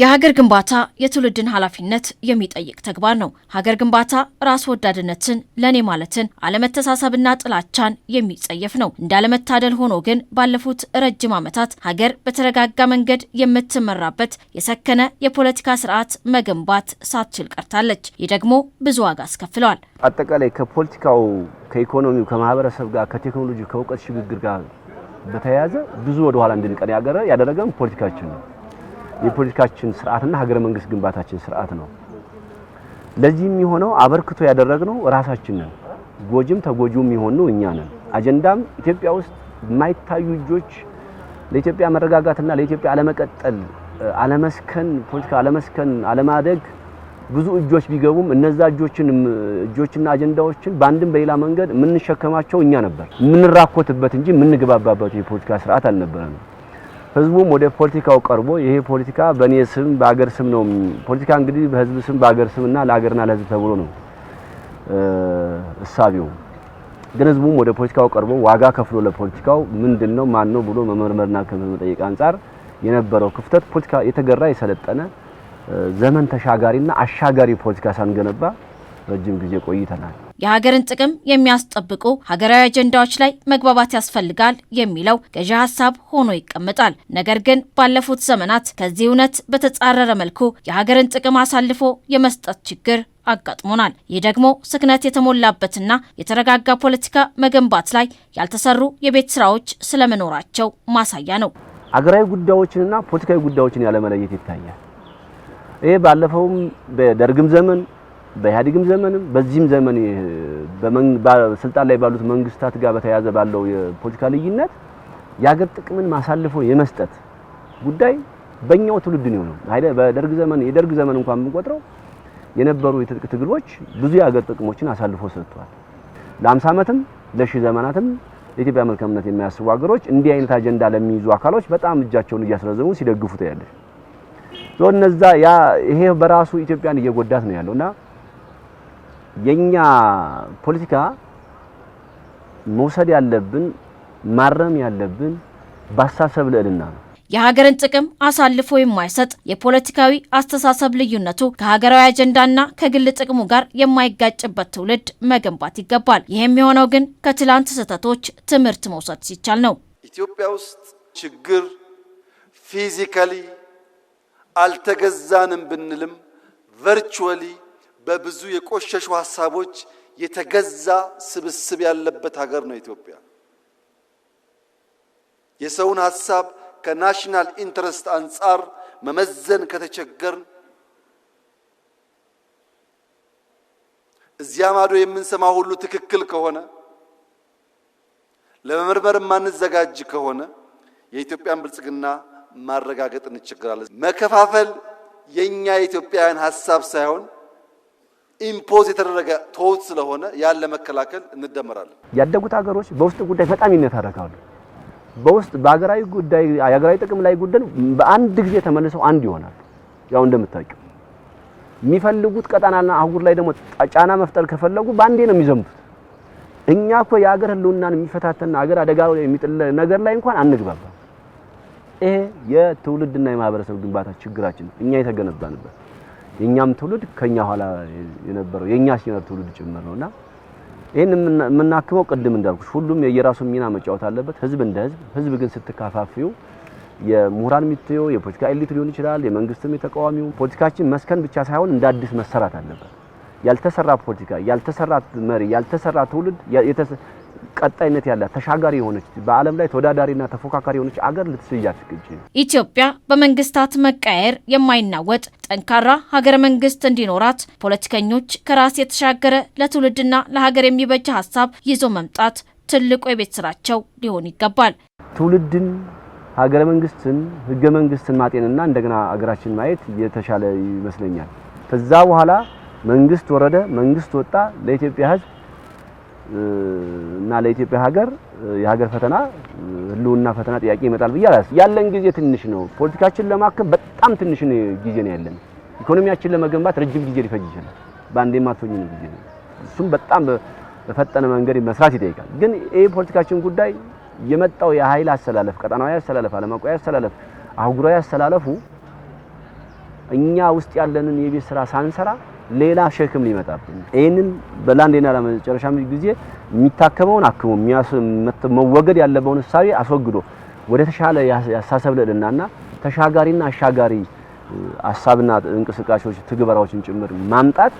የሀገር ግንባታ የትውልድን ኃላፊነት የሚጠይቅ ተግባር ነው። ሀገር ግንባታ ራስ ወዳድነትን፣ ለእኔ ማለትን፣ አለመተሳሰብና ጥላቻን የሚጸየፍ ነው። እንዳለመታደል ሆኖ ግን ባለፉት ረጅም ዓመታት ሀገር በተረጋጋ መንገድ የምትመራበት የሰከነ የፖለቲካ ስርዓት መገንባት ሳትችል ቀርታለች። ይህ ደግሞ ብዙ ዋጋ አስከፍለዋል። አጠቃላይ ከፖለቲካው፣ ከኢኮኖሚው፣ ከማህበረሰብ ጋር፣ ከቴክኖሎጂ፣ ከእውቀት ሽግግር ጋር በተያያዘ ብዙ ወደኋላ እንድንቀር ያደረገም ፖለቲካችን ነው። የፖለቲካችን ስርዓትና ሀገረ መንግስት ግንባታችን ስርዓት ነው። ለዚህ የሚሆነው አበርክቶ ያደረግነው ራሳችን ነን። ጎጅም ተጎጂውም የሆነው እኛ ነን። አጀንዳም ኢትዮጵያ ውስጥ የማይታዩ እጆች ለኢትዮጵያ መረጋጋትና ለኢትዮጵያ አለመቀጠል፣ አለመስከን፣ ፖለቲካ አለመስከን፣ አለማደግ ብዙ እጆች ቢገቡም እነዛ እጆችን እጆችና አጀንዳዎችን በአንድም በሌላ መንገድ የምንሸከማቸው እኛ ነበር። የምንራኮትበት እንጂ የምንግባባበት የፖለቲካ ስርዓት አልነበረንም። ህዝቡም ወደ ፖለቲካው ቀርቦ ይሄ ፖለቲካ በእኔ ስም በአገር ስም ነው። ፖለቲካ እንግዲህ በህዝብ ስም በአገር ስምና ለአገርና ለህዝብ ተብሎ ነው እሳቢው። ግን ህዝቡም ወደ ፖለቲካው ቀርቦ ዋጋ ከፍሎ ለፖለቲካው ምንድን ነው ማን ነው ብሎ መመርመርና ከመጠየቅ አንጻር የነበረው ክፍተት ፖለቲካ የተገራ የሰለጠነ ዘመን ተሻጋሪና አሻጋሪ ፖለቲካ ሳንገነባ ረጅም ጊዜ ቆይተናል። የሀገርን ጥቅም የሚያስጠብቁ ሀገራዊ አጀንዳዎች ላይ መግባባት ያስፈልጋል የሚለው ገዢ ሀሳብ ሆኖ ይቀመጣል። ነገር ግን ባለፉት ዘመናት ከዚህ እውነት በተጻረረ መልኩ የሀገርን ጥቅም አሳልፎ የመስጠት ችግር አጋጥሞናል። ይህ ደግሞ ስክነት የተሞላበትና የተረጋጋ ፖለቲካ መገንባት ላይ ያልተሰሩ የቤት ስራዎች ስለመኖራቸው ማሳያ ነው። አገራዊ ጉዳዮችንና ፖለቲካዊ ጉዳዮችን ያለመለየት ይታያል። ይህ ባለፈውም በደርግም ዘመን በኢህአዴግም ዘመንም በዚህም ዘመን ስልጣን ላይ ባሉት መንግስታት ጋር በተያያዘ ባለው የፖለቲካ ልዩነት የሀገር ጥቅምን ማሳልፎ የመስጠት ጉዳይ በእኛው ትውልድ ነው ነው አይደ በደርግ ዘመን የደርግ ዘመን እንኳን ብንቆጥረው የነበሩ የትጥቅ ትግሎች ብዙ የሀገር ጥቅሞችን አሳልፎ ሰጥቷል። ለአምሳ ዓመትም ለሺህ ዘመናትም ለኢትዮጵያ መልካምነት የሚያስቡ ሀገሮች እንዲህ አይነት አጀንዳ ለሚይዙ አካሎች በጣም እጃቸውን እያስረዘሙ ሲደግፉ ታያለሽ። እነዛ ያ ይሄ በራሱ ኢትዮጵያን እየጎዳት ነው ያለውና የኛ ፖለቲካ መውሰድ ያለብን ማረም ያለብን ባሳሰብ ልዕልና ነው። የሀገርን ጥቅም አሳልፎ የማይሰጥ የፖለቲካዊ አስተሳሰብ ልዩነቱ ከሀገራዊ አጀንዳና ከግል ጥቅሙ ጋር የማይጋጭበት ትውልድ መገንባት ይገባል። ይህም የሆነው ግን ከትላንት ስህተቶች ትምህርት መውሰድ ሲቻል ነው። ኢትዮጵያ ውስጥ ችግር ፊዚካሊ አልተገዛንም ብንልም ቨርቹዋሊ በብዙ የቆሸሹ ሀሳቦች የተገዛ ስብስብ ያለበት ሀገር ነው ኢትዮጵያ። የሰውን ሀሳብ ከናሽናል ኢንትረስት አንጻር መመዘን ከተቸገርን እዚያ ማዶ የምንሰማ ሁሉ ትክክል ከሆነ ለመመርመር የማንዘጋጅ ከሆነ የኢትዮጵያን ብልጽግና ማረጋገጥ እንቸግራለን። መከፋፈል የኛ የኢትዮጵያውያን ሀሳብ ሳይሆን ኢምፖዝ የተደረገ ተውት ስለሆነ ያለ መከላከል እንደመራለን። ያደጉት ሀገሮች በውስጥ ጉዳይ በጣም ይነታረካሉ። በውስጥ በሀገራዊ ጉዳይ የሀገራዊ ጥቅም ላይ ጉዳይ በአንድ ጊዜ ተመልሰው አንድ ይሆናል። ያው እንደምታውቂው የሚፈልጉት ቀጣናና አህጉር ላይ ደግሞ ጫና መፍጠር ከፈለጉ በአንዴ ነው የሚዘምቱት። እኛ እኮ የሀገር ህልውናን የሚፈታተና ሀገር አደጋ የሚጥል ነገር ላይ እንኳን አንግባባ። ይሄ የትውልድና የማህበረሰብ ግንባታ ችግራችን እኛ የተገነባንበት የኛም ትውልድ ከኛ ኋላ የነበረው የኛ ሲኒየር ትውልድ ጭምር ነውና ይህን የምናክመው ቅድም እንዳልኩሽ ሁሉም የየራሱ ሚና መጫወት አለበት። ህዝብ እንደ ህዝብ ህዝብ ግን ስትካፋፊው የምሁራን ሚትዮ የፖለቲካ ኤሊት ሊሆን ይችላል፣ የመንግስትም የተቃዋሚው ፖለቲካችን መስከን ብቻ ሳይሆን እንደ አዲስ መሰራት አለበት። ያልተሰራ ፖለቲካ፣ ያልተሰራ መሪ፣ ያልተሰራ ትውልድ ቀጣይነት ያላት ተሻጋሪ የሆነች በዓለም ላይ ተወዳዳሪና ተፎካካሪ የሆነች አገር ልትስያት ኢትዮጵያ በመንግስታት መቀየር የማይናወጥ ጠንካራ ሀገረ መንግስት እንዲኖራት ፖለቲከኞች ከራስ የተሻገረ ለትውልድና ለሀገር የሚበጅ ሀሳብ ይዞ መምጣት ትልቁ የቤት ስራቸው ሊሆን ይገባል። ትውልድን፣ ሀገረ መንግስትን፣ ህገ መንግስትን ማጤንና እንደገና ሀገራችን ማየት የተሻለ ይመስለኛል። ከዛ በኋላ መንግስት ወረደ፣ መንግስት ወጣ ለኢትዮጵያ ህዝብ እና ለኢትዮጵያ ሀገር የሀገር ፈተና ህልውና ፈተና ጥያቄ ይመጣል ብዬ ያለን ጊዜ ትንሽ ነው። ፖለቲካችን ለማከም በጣም ትንሽ ጊዜ ነው ያለን። ኢኮኖሚያችን ለመገንባት ረጅም ጊዜ ሊፈጅ ይችላል። በአንዴ ማቶኝ ጊዜ ነው። እሱም በጣም በፈጠነ መንገድ መስራት ይጠይቃል። ግን ይሄ ፖለቲካችን ጉዳይ የመጣው የኃይል አሰላለፍ፣ ቀጠናዊ አሰላለፍ፣ ዓለም አቀፋዊ አሰላለፍ፣ አህጉራዊ አሰላለፉ እኛ ውስጥ ያለንን የቤት ስራ ሳንሰራ ሌላ ሸክም ሊመጣብን ይህንን በላንዴና ለመጨረሻ ጊዜ የሚታከመውን አክሞ መወገድ ያለበውን እሳቤ አስወግዶ ወደ ተሻለ ያሳሰብ ልዕልናና ተሻጋሪና አሻጋሪ ሀሳብና እንቅስቃሴዎች ትግበራዎችን ጭምር ማምጣት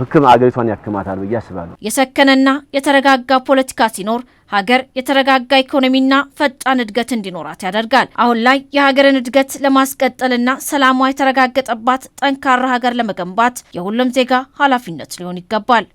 ህክም አገሪቷን ያክማታል ብዬ አስባለሁ። የሰከነና የተረጋጋ ፖለቲካ ሲኖር ሀገር የተረጋጋ ኢኮኖሚና ፈጣን እድገት እንዲኖራት ያደርጋል። አሁን ላይ የሀገርን እድገት ለማስቀጠልና ሰላሟ የተረጋገጠባት ጠንካራ ሀገር ለመገንባት የሁሉም ዜጋ ኃላፊነት ሊሆን ይገባል።